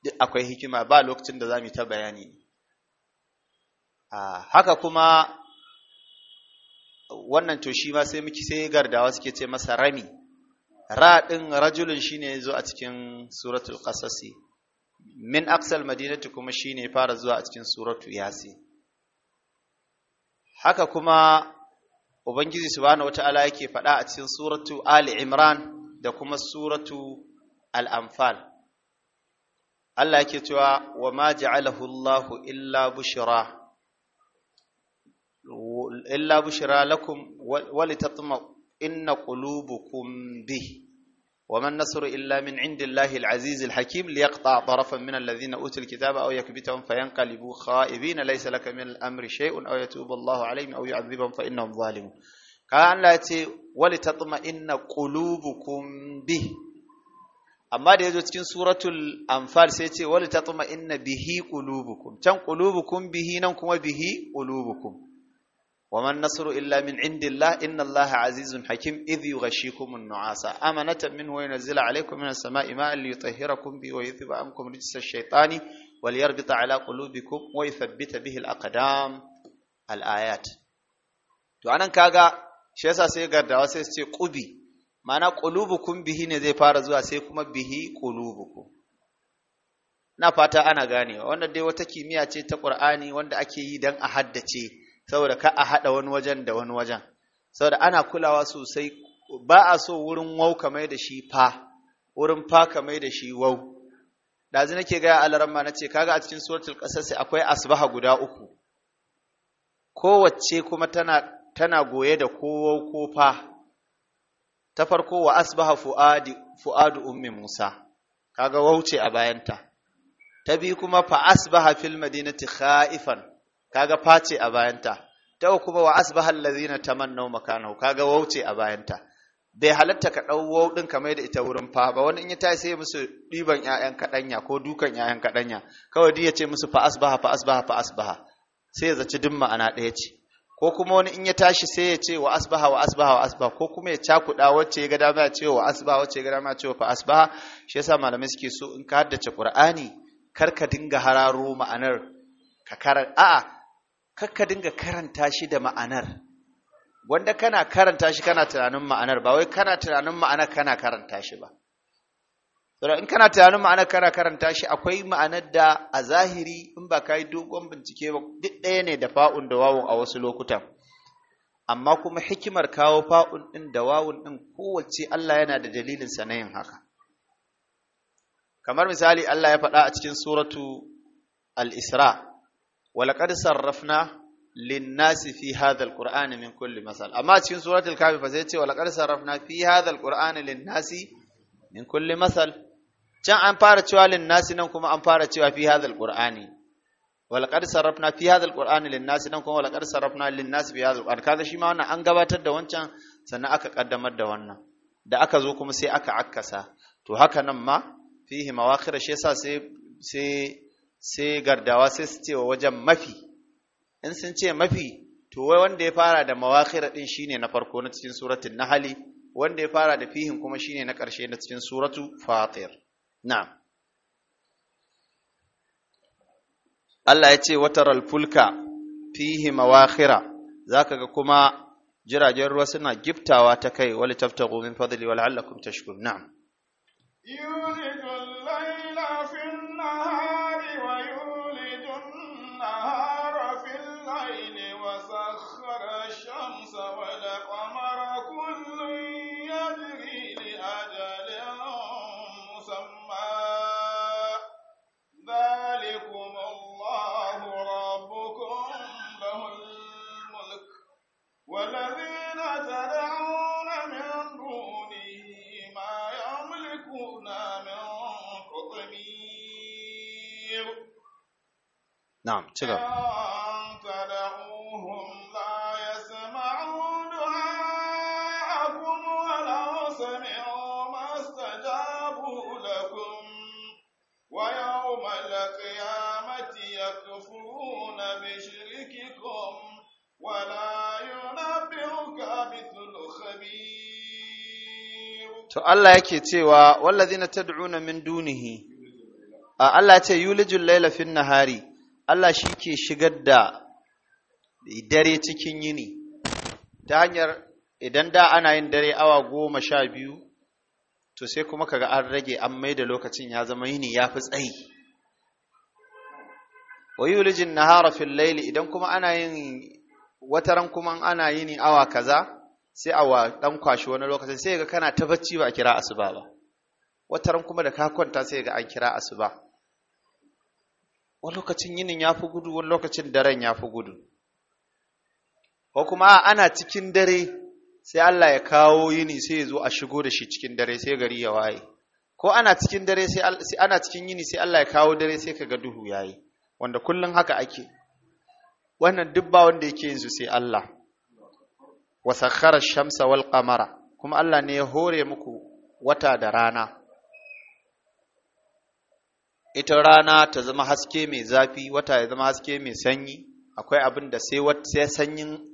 [SPEAKER 1] duk akwai hikima ba lokacin da zamu ta bayani haka kuma wannan to shi ma sai muke sai gardawa suke ce masa rami ra din rajulun shine yazo a cikin suratul qasasi min aqsal madinati kuma shine fara zuwa a cikin suratul yasin haka kuma ubangiji subhanahu wataala yake faɗa a cikin suratu ali imran da kuma suratu al-anfal Allah yake cewa wa ma ja'alahu Allahu illa bushra illa bushra lakum wa litatma qulubukum bihi وما النصر إلا من عند الله العزيز الحكيم ليقطع طرفا من الذين أوتوا الكتاب أو يكبتهم فينقلبوا خائبين ليس لك من الأمر شيء أو يتوب الله عليهم أو يعذبهم فإنهم ظالمون كان لا يتي ولتطمئن قلوبكم به amma da ya zo cikin suratul anfal sai ce wali tatma inna bihi qulubukum can qulubukum bihi nan kuma bihi qulubukum وما النصر إلا من عند الله إن الله عزيز حكيم إذ يغشيكم النعاس أمنة منه وينزل عليكم من السماء ماء ليطهركم به ويذب عنكم رجس الشيطان وليربط على قلوبكم ويثبت به الأقدام الآيات to anan kaga shi yasa قبي gardawa sai به نزي فارزوا سيكم به قلوبكم na fata ana gane wannan dai wata kimiyya ce ta Qur'ani wanda ake yi dan a haddace saboda ka a haɗa wani wajen da wani wajen saboda ana kulawa sosai ba a so wurin wau ka mai da shi fa wurin fa ka mai da shi wau ɗazu nake gaya alaramma na ce kaga a cikin suratul ƙasas akwai asbaha guda uku kowace kuma tana tana goye da kowau ko fa ta farko wa asbaha fuadi fuadu ummi musa kaga wauce a bayanta ta biyu kuma fa asbaha fil madinati khaifan kaga face a bayanta ta kuma wa asbaha allazina tamannaw makanahu kaga wauce a bayanta bai halatta ka dau wau din kamar da ita wurin fa ba wani in ya tayi sai musu diban ƴaƴan kadanya ko dukan ƴaƴan kadanya kawai dai ya ce musu fa asbaha fa asbaha fa asbaha sai ya zaci duk ma'ana ɗaya ce ko kuma wani in ya tashi sai ya ce wa asbaha wa asbaha wa asbaha ko kuma ya cakuɗa wacce ya ga dama ya ce wa asbaha wacce ya ga dama ya ce fa asbaha shi yasa malamai suke so in ka haddace qur'ani kar ka dinga hararo ma'anar ka karar a'a kakka dinga karanta shi da ma'anar wanda kana karanta shi kana tunanin ma'anar ba wai kana tunanin ma'anar kana karanta shi ba saboda in kana tunanin ma'anar kana karanta shi akwai ma'anar da a zahiri in ba ka yi dogon bincike ba duk ɗaya ne da fa'un da wawun a wasu lokutan amma kuma hikimar kawo fa'un ɗin da wawun ɗin kowace Allah yana da dalilinsa na yin haka kamar misali Allah ya faɗa a cikin suratu al-Isra' walaqad sarrafna linnasi fi hadha alqur'ani min kulli masal amma cikin suratul kafi fa sai ce walaqad sarrafna fi hadha alqur'ani linnasi min kulli masal can an fara cewa linnasi nan kuma an fara cewa fi hadha alqur'ani walaqad sarrafna fi hadha alqur'ani linnasi nan kuma walaqad sarrafna linnasi fi hadha alqur'ani kaga ma wannan an gabatar da wancan sannan aka kaddamar da wannan da aka zo kuma sai aka akkasa to haka nan ma fihi mawakhir shi sai sai sai gardawa sai su ce wa wajen mafi in sun ce mafi to wai wanda ya fara da mawakira din shine na farko na cikin suratul nahli wanda ya fara da fihin kuma shine na ƙarshe na cikin suratu fatir na'am Allah ya ce wataral fulka fihi mawakhira zaka ga kuma jiragen ruwa suna giftawa ta kai wal taftagu min fadli wal'allakum tashkurun na'am نعم تفضل إن تدعوهم
[SPEAKER 2] لا يسمعوا دعاءكم ولو سمعوا ما استجابوا لكم ويوم القيامة يكفرون بشرككم
[SPEAKER 1] to Allah yake cewa wallazina tad'una min dunihi Allah ya ce yulijul laila fin nahari Allah shi ke shigar da dare cikin yini ta hanyar idan da ana yin dare awa goma sha biyu to sai kuma kaga an rage an mai da lokacin ya zama yini ya fi tsayi wa yulijin nahara fil laili idan kuma ana yin wataran kuma ana yini awa kaza sai awa dan kwashi wani lokacin sai ga kana ta bacci ba a kira asuba ba wataran kuma da ka kwanta sai ga an kira asuba wani lokacin yinin ya fi gudu wani lokacin daren ya fi gudu ko kuma ana cikin dare sai Allah ya kawo yini sai ya zo a shigo da shi cikin dare sai gari ya waye ko ana cikin dare sai ana cikin yini sai Allah ya kawo dare sai kaga duhu yayi wanda kullun haka ake wannan duk ba wanda yake yin su sai Allah wa sakhara shamsa wal qamara kuma Allah ne ya hore muku wata da rana ita rana ta zama haske mai zafi wata ya zama haske mai sanyi akwai abin da sai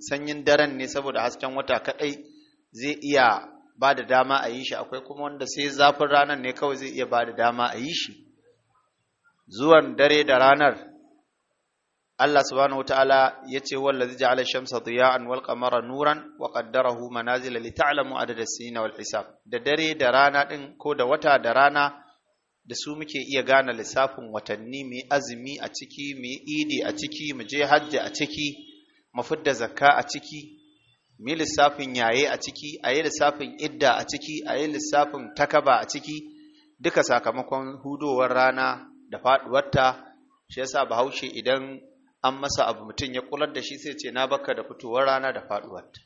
[SPEAKER 1] sanyin daren ne saboda hasken wata kadai zai iya ba da dama a yi shi akwai kuma wanda sai zafin ranar ne kawai zai iya ba da dama a yi shi zuwan dare da ranar Allah subhanahu wata'ala ya ce zai ja'ala shamsa diya'an wal qamara nuran wa qaddarahu manazila li ta'lamu adada sinina wal hisab da dare da rana din ko da wata da rana da su muke iya gane lissafin watanni mu azumi a ciki mu yi idi a ciki mu je hajji a ciki mu fidda zakka a ciki mu yi lissafin yaye a ciki a yi lissafin idda a ciki a yi lissafin takaba a ciki duka sakamakon hudowar rana da faduwarta shi yasa bahaushe idan an masa abu mutum ya kular da shi sai ce na baka da fitowar rana da faduwarta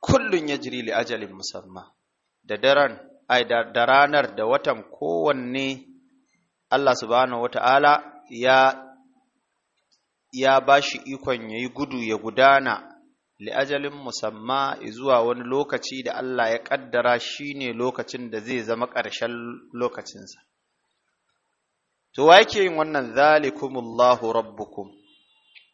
[SPEAKER 1] kullun ya jiri li ajalin musamman da daren ai da ranar da watan kowanne Allah subhanahu wata'ala ya ya ba shi ikon ya yi gudu ya gudana li'ajalin musamma zuwa wani lokaci da Allah ya ƙaddara shi ne lokacin da zai zama ƙarshen lokacinsa. To, wa yake yin wannan zalikumullahu rabbukum,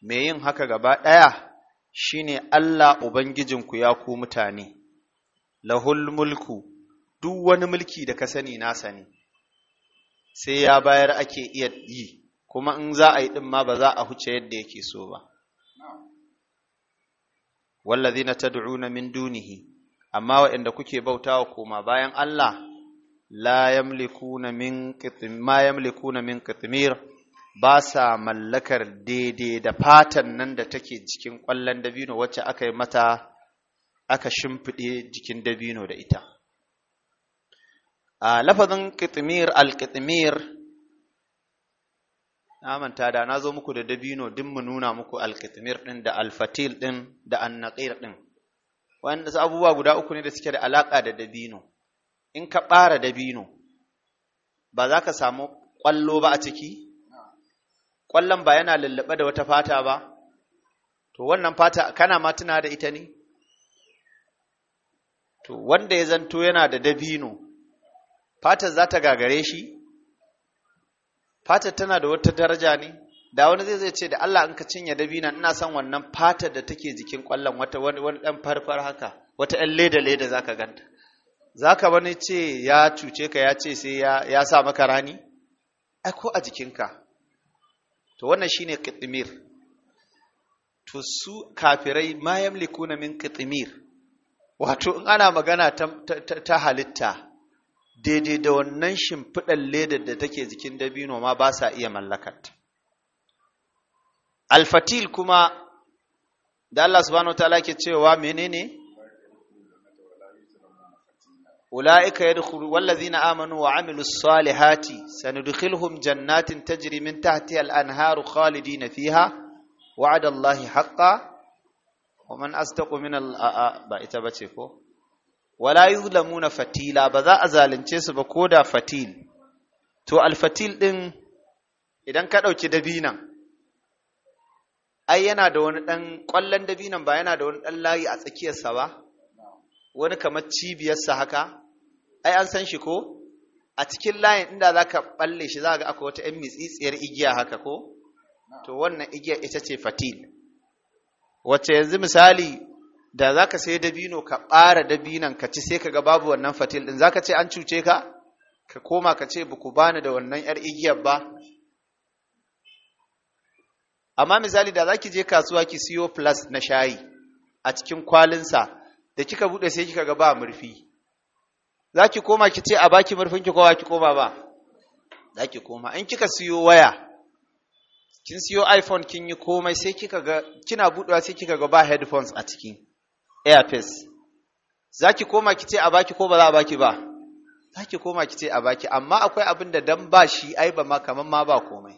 [SPEAKER 1] me yin haka gaba ɗaya shi ne Allah Ubangijinku ya ku mutane, lahul mulku duk wani mulki da ka sani na sani? sai ya bayar ake iya yi kuma in za a yi din ma ba za a huce yadda yake so ba ta tad'una min dunihi amma waɗanda kuke bautawa koma bayan Allah la yamlikuna min ma yamlikuna min qitmir ba sa mallakar daidai da fatan nan da take cikin ƙwallon dabino wacce aka yi mata aka shimfiɗe jikin dabino da ita a lafazin ƙitimir al na manta da na zo muku da dabino din mu nuna muku al ɗin da al-fatil da annaƙir ɗin. Wanda su abubuwa guda uku ne da suke da alaƙa da dabino in ka ɓara dabino ba za ka samu ƙwallo ba a ciki ƙwallon ba yana lullube da wata fata ba to wannan fata kana ma tuna da ita ne to wanda ya zanto yana da dabino fatar za ta gagare shi fatar tana da wata daraja ne da wani zai zai ce da Allah in ka cinye dabina ina son wannan fatar da take jikin kwallon wata wani wani dan farfar haka wata ɗan leda leda zaka ganta zaka wani ce ya cuce ka ya ce sai ya ya sa maka rani ai ko a jikinka to wannan shine qitmir to su kafirai ma yamlikuna min kitimir. Wato in ana magana ta, halitta, daidai da wannan shimfiɗar ledar da take jikin dabino ma ba sa iya mallakarta. Alfatil kuma, da Allah subhanahu wa ta'ala ke cewa menene? Ula’ika ya dukuru, wallazi na amanu wa amilu salihati, sanadukhilhum jannatin tajrimin tahtiyal anharu khalidi na fiha, wa’adallahi haƙƙa, ومن أصدق من ال ba ita bace ko wala yuzlamuna fatila ba za a zalunce su ba koda fatil to al-Fatil din idan ka dauki dabinan ai yana da wani dan kwallon dabinan ba yana da wani dan layi a tsakiyarsa ba wani kamar cibiyarsa haka ai an san shi ko a cikin layin inda za ka balle shi za ga akwai wata 'yan mitsitsiyar igiya haka ko to wannan igiyar ita ce fatil wacce yanzu misali da za ka sai dabino ka ɓara dabinan ka ci sai ka ga babu wannan fatil ɗin za ka ce an cuce ka ka koma ka ce ba ku bani da wannan 'yar igiyar ba amma misali da za ki je kasuwa ki siyo plus na shayi a cikin kwalinsa da kika buɗe sai kika ga ba murfi za ki koma ki ce a baki murfin ki kowa ki koma ba za ki koma in kika siyo waya kin siyo iphone kin yi komai sai kika ga kina buɗewa sai kika ga ba headphones a ciki airpads za ki koma ki ce a baki ko ba za a baki ba za ki koma ki ce a baki amma akwai abin da dan ba shi ai ba ma kaman ma ba komai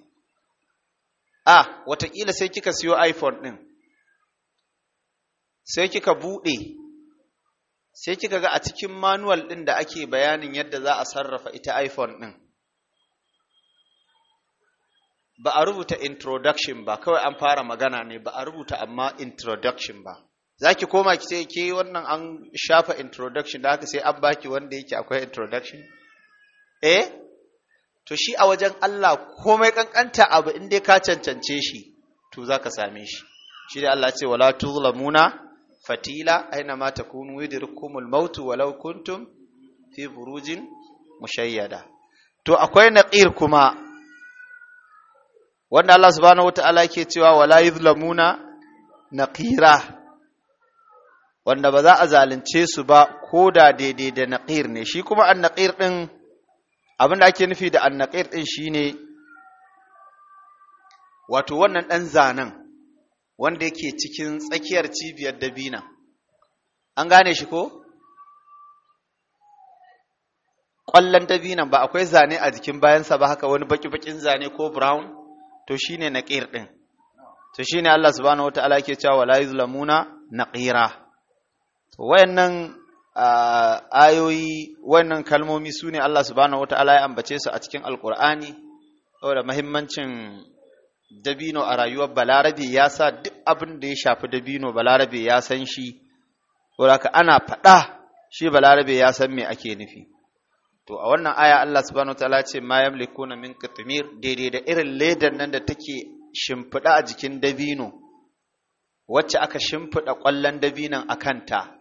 [SPEAKER 1] a watakila sai kika siyo iphone ɗin sai kika buɗe sai kika ga a cikin manual ɗin da ake bayanin yadda za a sarrafa ita iphone ɗin ba a rubuta introduction ba kawai an fara magana ne ba a rubuta amma introduction ba za ki koma ki ce ke wannan an shafa introduction da haka sai an baki wanda yake akwai introduction eh to shi a wajen Allah komai kankanta abu in dai ka cancance shi to za ka same shi shi da Allah ce wala tuzlamuna fatila aina ma takunu yudrikumul maut walau kuntum fi burujin mushayyada to akwai naqir kuma wanda Allah subhanahu wata'ala yake cewa wala yuzlamuna naqira wanda ba za a zalunce su ba ko daidai da naqir ne shi kuma annaqir din abin da ake nufi da annaqir din shine wato wannan dan zanen wanda yake cikin tsakiyar cibiyar dabina an gane shi ko ƙwallon dabinan ba akwai zane a jikin bayansa ba haka wani baki-bakin zane ko brown to shine naqir din to shine Allah subhanahu wataala yake cewa la yuzlamuna naqira to wayannan ayoyi wayannan kalmomi sune Allah subhanahu wataala ya ambace su a cikin alqur'ani saboda muhimmancin dabino a rayuwar balarabe ya sa duk abin da ya shafi dabino balarabe ya san shi wadaka ana faɗa shi balarabe ya san me ake nufi to a wannan aya Allah subhanahu ta'ala ce ma yamlikuna min qitmir daidai da irin ledan nan da take shimfida a jikin dabino wacce aka shimfida ƙwallon dabinon a kanta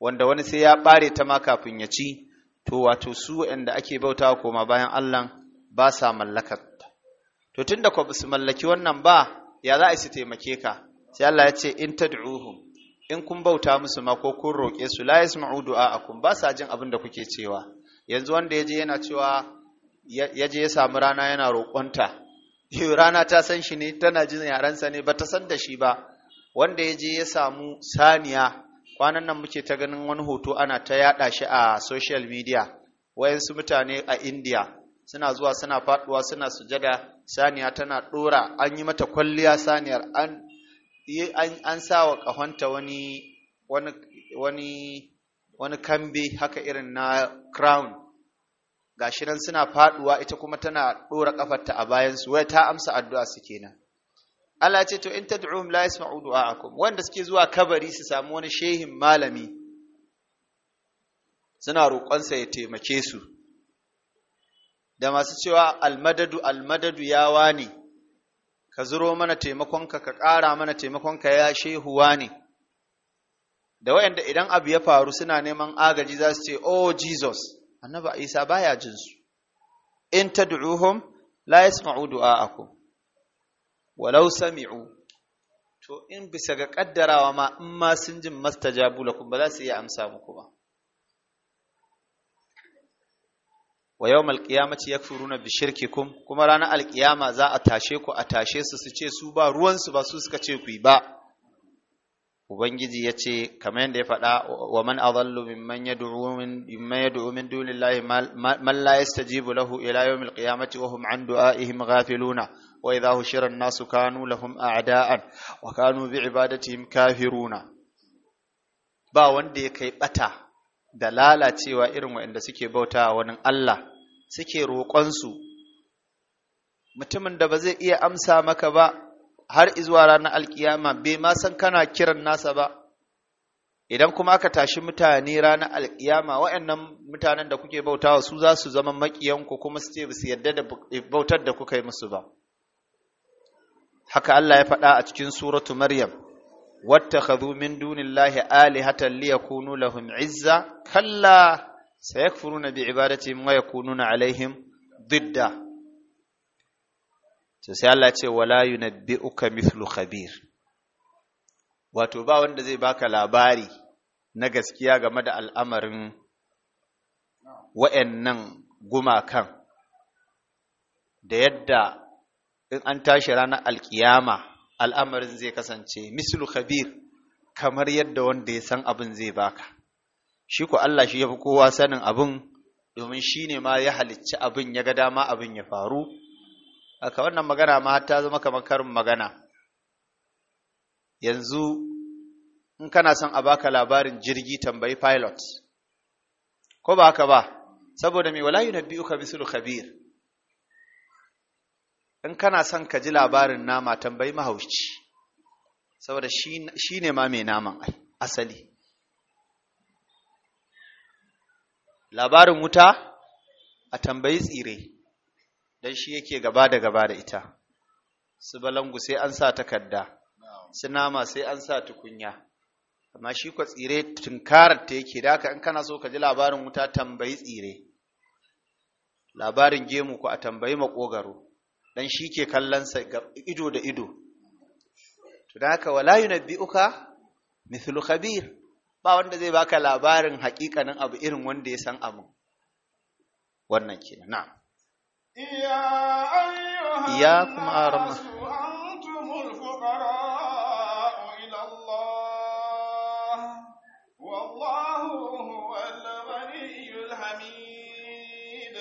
[SPEAKER 1] wanda wani sai ya bare ta ma kafin ya ci to wato su waɗanda ake bauta koma bayan Allah ba sa mallakar to tunda ko su mallaki wannan ba ya za a su taimake ka sai Allah ya ce in tad'uhum in kun bauta musu ma ko kun roƙe su la yasma'u akum ba sa jin abin da kuke cewa yanzu wanda ya je yana cewa ya je ya samu rana yana roƙonta rana ta san shi ne tana jin yarensa ne ba ta san da shi ba wanda ya je ya samu saniya kwanan nan muke ta ganin wani hoto ana ta yada shi a social media wayansu mutane a india suna zuwa suna faɗuwa suna sujada saniya tana ɗora, an yi mata kwalliya saniyar an an, sa wa ƙahonta wani wani wani wani kambi haka irin na crown shi nan suna faduwa ita kuma tana dora kafarta a bayan su wai ta amsa addu'a su kenan Allah ce to in tad'um la yasma'u du'a'akum wanda suke zuwa kabari su samu wani shehin malami suna roƙonsa ya taimake su da masu cewa almadadu almadadu ya wane ka zuro mana taimakonka ka ƙara mana taimakonka ya shehuwa ne da wayanda idan abu ya faru suna neman agaji za su ce oh jesus Annaba isa baya jin su in tad'uhum la yasma'u du'a'akum walau sami'u to in bisa ga kaddarawa ma in ma sun jin mastajabu lakum ba za su iya amsa muku ba wa yawmal qiyamati yakfuruna bi shirkikum kuma ranar alqiyama za a tashe ku a tashe su su ce su ba ruwan su ba su suka ce ku yi ba ubangiji ya ce kamar yadda ya faɗa wa man adallu mimman yad'u mimman yad'u min dunillahi man la yastajibu lahu ila yawmil qiyamati wa hum an du'aihim ghafiluna wa idha hushira an-nasu kanu lahum a'da'an wa kanu bi'ibadatihim kafiruna ba wanda ya kai bata da lalacewa irin waɗanda suke bauta wani Allah suke roƙonsu mutumin da ba zai iya amsa maka ba har izuwa ranar alkiyama bai ma san kana kiran nasa ba idan kuma aka tashi mutane ranar alkiyama waɗannan mutanen da kuke bautawa su za su zama makiyanku kuma su ce su yarda da bautar da kuka yi musu ba haka Allah ya faɗa a cikin suratu maryam wattakhadhu min dunillahi alihatan liyakunu lahum izza kalla sayakfuruna bi'ibadatihim wa yakununa alaihim didda so sai Allah ce wala yunabbi'uka mithlu khabir wato ba wanda zai baka labari na gaskiya game da al'amarin wa'annan gumakan da yadda in an tashi ranar alkiyama al'amarin zai kasance mislu khabir kamar yadda wanda ya san abin zai baka shi ko Allah shi ya fi kowa sanin abin domin shi ne ma ya halicci abin ya ga dama abin ya faru aka wannan magana ma ta zama kamar karin magana yanzu in kana son a baka labarin jirgi tambayi pilot ko ba haka ba saboda mai wala yunabbi'uka mislu khabir in kana son ka ji labarin nama tambayi mahaushi saboda shi ne ma mai naman asali labarin wuta a tambayi tsire dan shi yake gaba da gaba da ita su balangu sai an sa takarda su nama sai an sa tukunya amma shi kwa tsire tunkarar ta yake da haka in kana so ka ji labarin wuta tambayi tsire labarin gemu ku a tambayi makogaro dan shi ke kallonsa ido da ido to da haka wala yunabbi'uka mithlu khabir ba wanda zai baka labarin haƙiƙanin abu irin wanda ya san abu wannan kenan na'am
[SPEAKER 2] يا كما أرم أنتم الفقراء إلى الله والله هو الغني الحميد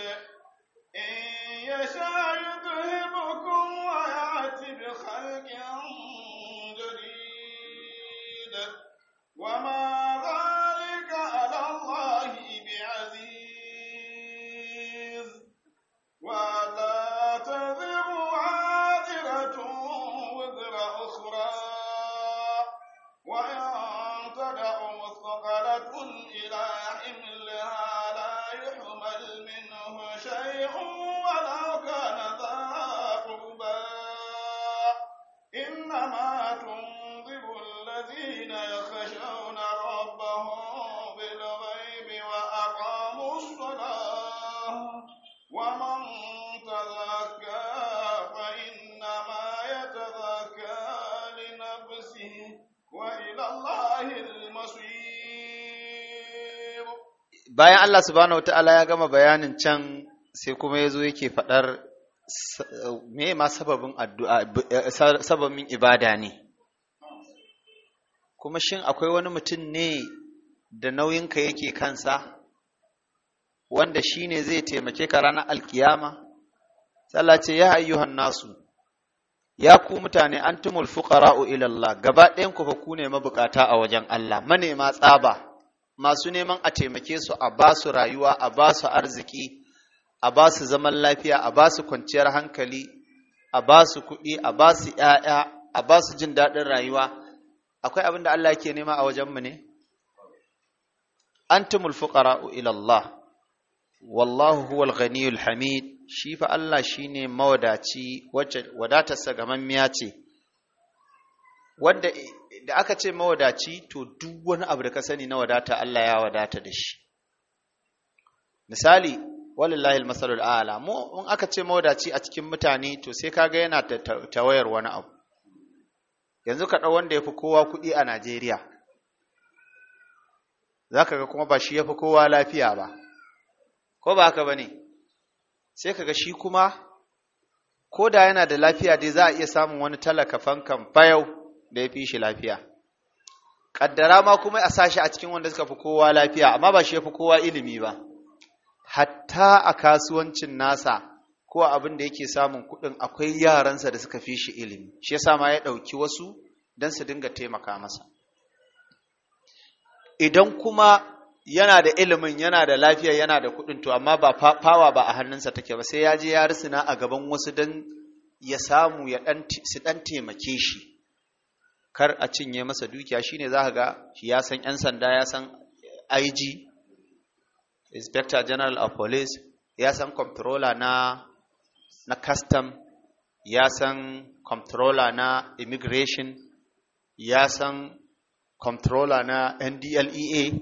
[SPEAKER 2] إن يشاء يذهبكم ويأتي بخلق جديد وما
[SPEAKER 1] bayan Allah subhanahu wata'ala ya gama bayanin can sai kuma ya zo yake faɗar me ma sababin addu'a sababin ibada ne kuma shin akwai wani mutum ne da nauyinka yake kansa wanda shi ne zai taimake ka ranar alkiyama Sallah ce ya ayyuhan nasu ya ku mutane antumul fuqara'u ila Allah gaba ɗayan ku fa ku ne mabukata a wajen Allah manema tsaba masu neman a taimake su a ba su rayuwa a ba su arziki a ba su zaman lafiya a ba su kwanciyar hankali a ba su kuɗi a ba su ‘ya'ya a ba su jin daɗin rayuwa akwai abin da Allah ke nema a wajenmu ne antumul fuqara'u ila Allah wallahu huwal ghaniyul hamid shi fa Allah shine mawadaci wadatarsa gamammiya ce wadda da aka ce mawadaci to duk wani abu da ka sani na wadata Allah ya wadata da shi misali walillahi almasalul a'la mu in aka ce mawadaci a cikin mutane to sai kaga yana tawayar wani abu yanzu ka ɗau wanda ya fi kowa kuɗi a Najeriya za ka ga kuma ba shi ya fi kowa lafiya ba ko ba haka ba ne sai ka ga shi kuma ko da yana da lafiya dai za a iya samun wani talaka fankan fayau da ya fi shi lafiya Ƙaddara ma kuma a sashi a cikin wanda suka fi kowa lafiya amma ba shi ya fi kowa ilimi ba hatta a kasuwancin nasa ko abin da yake samun kuɗin akwai yaransa da suka fi shi ilimi shi ya ma ya ɗauki wasu don su dinga taimaka masa idan kuma yana da ilimin yana da lafiya yana da kuɗin to amma ba fawa ba a hannunsa take ba sai ya je ya risina a gaban wasu don ya samu ya su ɗan taimake shi kar a cinye masa dukiya shine za ka ga ya san 'yan sanda ya san IG Inspector General of Police ya san Comptroller na na Custom ya san Comptroller na Immigration ya san Comptroller na NDLEA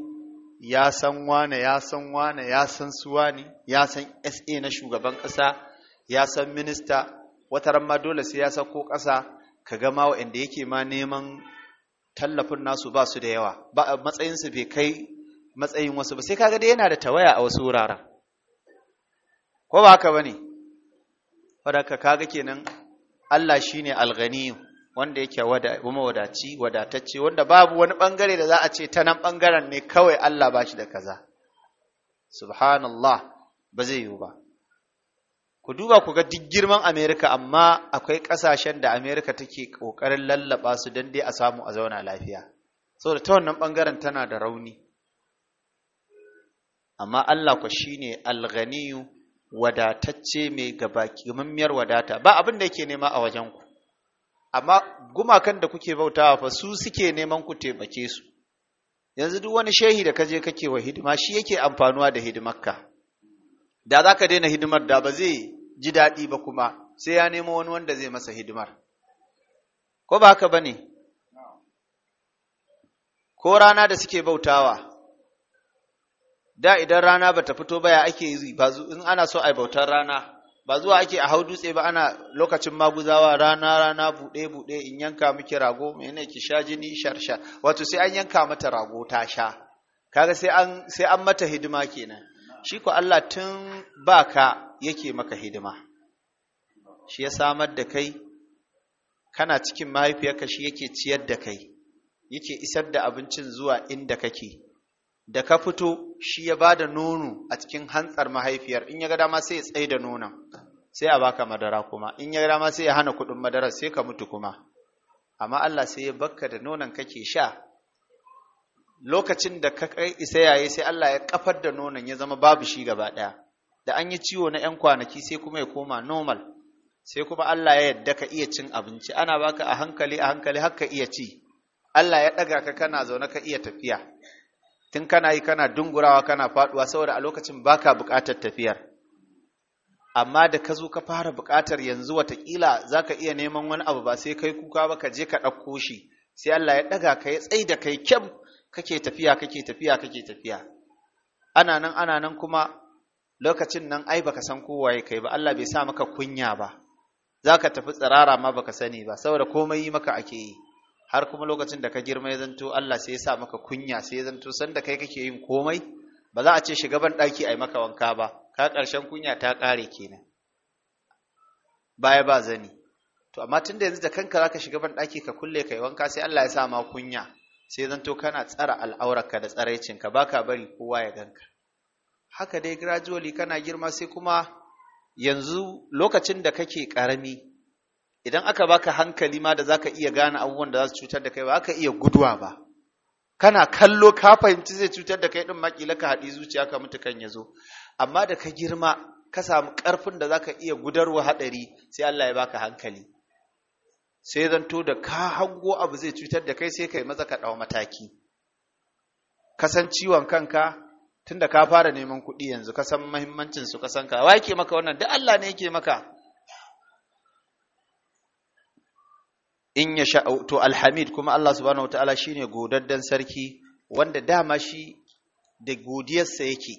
[SPEAKER 1] ya san wane ya san wane ya san suwani ya san SA na shugaban ƙasa ya san minista wataran ma dole sai ya sako ƙasa ka ga ma yake ma neman tallafin nasu ba su da yawa ba matsayinsu bai kai matsayin wasu ba sai kaga dai yana da tawaya a wasu wuraren ko ba haka ka ga kaga kenan Allah shi shine alghani wanda yake wadaci, wadatacce wanda babu wani ɓangare da za a ce ta nan ɓangaren ne kawai Allah bashi da kaza subhanallah ba zai yiwu ba ku duba ku ga duk girman amerika amma akwai ƙasashen da amerika take ƙoƙarin lallaba su don dai a samu a zauna lafiya saboda ta wannan ɓangaren tana da rauni amma allah ku shine alganiyu wadatacce mai gabakimammiyar wadata ba abin da yake nema a wajen ku amma gumakan da kuke bautawa fa su suke neman ku taimake su yanzu duk wani shehi da kaje kake wa hidima shi yake amfanuwa da hidimarka da za ka daina hidimar da ba zai ji daɗi ba kuma sai ya nemo wani wanda zai masa hidimar ko ba haka ba ne ko rana da suke bautawa da idan rana ba ta fito ba ya ake yi in ana so a bautar rana ba zuwa ake a hau dutse ba ana lokacin maguzawa rana rana buɗe buɗe in yanka miki rago mene ki sha jini sharsha wato sai an yanka mata rago ta sha kaga sai an mata hidima kenan shi ko Allah tun baka yake maka hidima shi ya samar da kai kana cikin mahaifiyarka shi yake ciyar da kai yake isar da abincin zuwa inda kake da ka fito shi ya ba da nono a cikin hantsar mahaifiyar in ya ga dama sai ya tsaye da nonon sai a baka madara kuma in ya ga dama sai ya hana kuɗin madara sai ka mutu kuma amma Allah sai ya bakka da nonon kake sha lokacin da ka kai isa yaye sai Allah ya kafar da nonon ya zama babu shi gaba ɗaya da an yi ciwo na 'yan kwanaki sai kuma ya koma normal sai kuma Allah ya yadda ka iya cin abinci ana baka a hankali a hankali har ka iya ci Allah ya ɗaga ka kana zaune ka iya tafiya tun kana yi kana dungurawa kana faɗuwa saboda a lokacin baka buƙatar tafiyar amma da ka zo ka fara buƙatar yanzu watakila za ka iya neman wani abu ba sai kai kuka ba ka je ka ɗauko shi sai Allah ya ɗaga ka ya tsai da kai kyam kake tafiya kake tafiya kake tafiya ana nan ana nan kuma lokacin nan ai baka san kowa ya kai ba Allah bai sa maka kunya ba za ka tafi tsirara ma baka sani ba saboda komai yi maka ake yi har kuma lokacin da ka girma ya zanto Allah sai ya sa maka kunya sai ya zanto sanda kai kake yin komai ba za a ce shiga ban ɗaki a yi maka wanka ba ka ƙarshen kunya ta ƙare kenan baya ba zani to amma tunda yanzu da kanka za ka shiga ban ɗaki ka kulle kai wanka sai Allah ya sa ma kunya sai zanto kana tsara al'aurarka da tsaraicinka baka bari kowa ya ganka haka dai gradually kana girma sai kuma yanzu lokacin da kake ƙarami idan aka baka hankali ma da zaka iya gane abubuwan da za su cutar da kai ba aka iya guduwa ba kana kallo ka fahimci zai cutar da kai din makila ka haɗi zuciya ka mutu kan ya zo amma da ka girma ka samu ƙarfin da zaka iya gudarwa haɗari sai Allah ya baka hankali sai zan to da ka hango abu zai cutar da kai sai kai maza ka ɗau mataki kasan ciwon kanka tunda ka fara neman kuɗi yanzu ka san mahimmancin su ka san ka wa yake maka wannan duk Allah ne yake maka in ya sha to alhamid kuma Allah subhanahu wataala shine godaddan sarki wanda dama shi da godiyarsa yake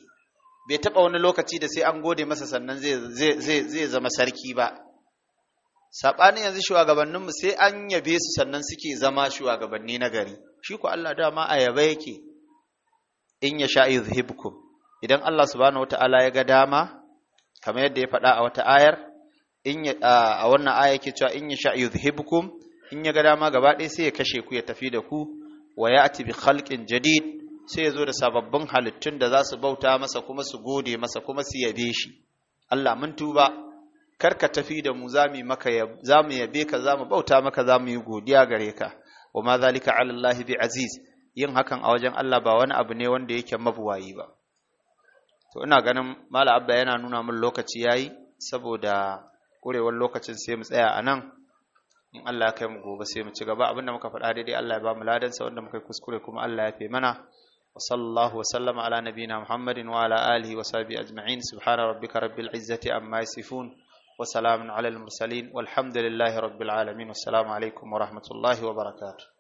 [SPEAKER 1] bai taba wani lokaci da sai an gode masa sannan zai zai zai zama sarki ba sabanin yanzu shugabanninmu sai an yabe su sannan suke zama shugabanni na gari shi ko Allah dama ayaba yake in ya sha yuzhibkum idan Allah subhanahu wataala ya ga dama kamar yadda ya faɗa a wata ayar a wannan aya yake cewa in ya sha yuzhibkum in ya ga dama gaba ɗaya sai ya kashe ku ya tafi da ku wa ya'ti bi khalqin jadid sai ya zo da sababbin halittun da za su bauta masa kuma su gode masa kuma su yabe shi Allah mun tuba kar ka tafi da mu za mu za mu yabe ka za mu bauta maka za mu yi godiya gare ka wa ma zalika ala Allah bi aziz yin hakan a wajen Allah ba wani abu ne wanda yake mabuwayi ba to ina ganin mala abba yana nuna min lokaci yayi saboda kurewar lokacin sai mu tsaya a nan in Allah ya kai mu gobe sai mu ci gaba da muka faɗa daidai Allah ya ba mu ladan sa wanda muka kuskure kuma Allah ya fe mana wa sallallahu wa sallama ala nabina Muhammadin wa ala alihi wa sahbihi ajma'in subhana rabbika rabbil izzati amma yasifun wa salamun ala al mursalin walhamdulillahi rabbil alamin wassalamu alaikum wa rahmatullahi wa barakatuh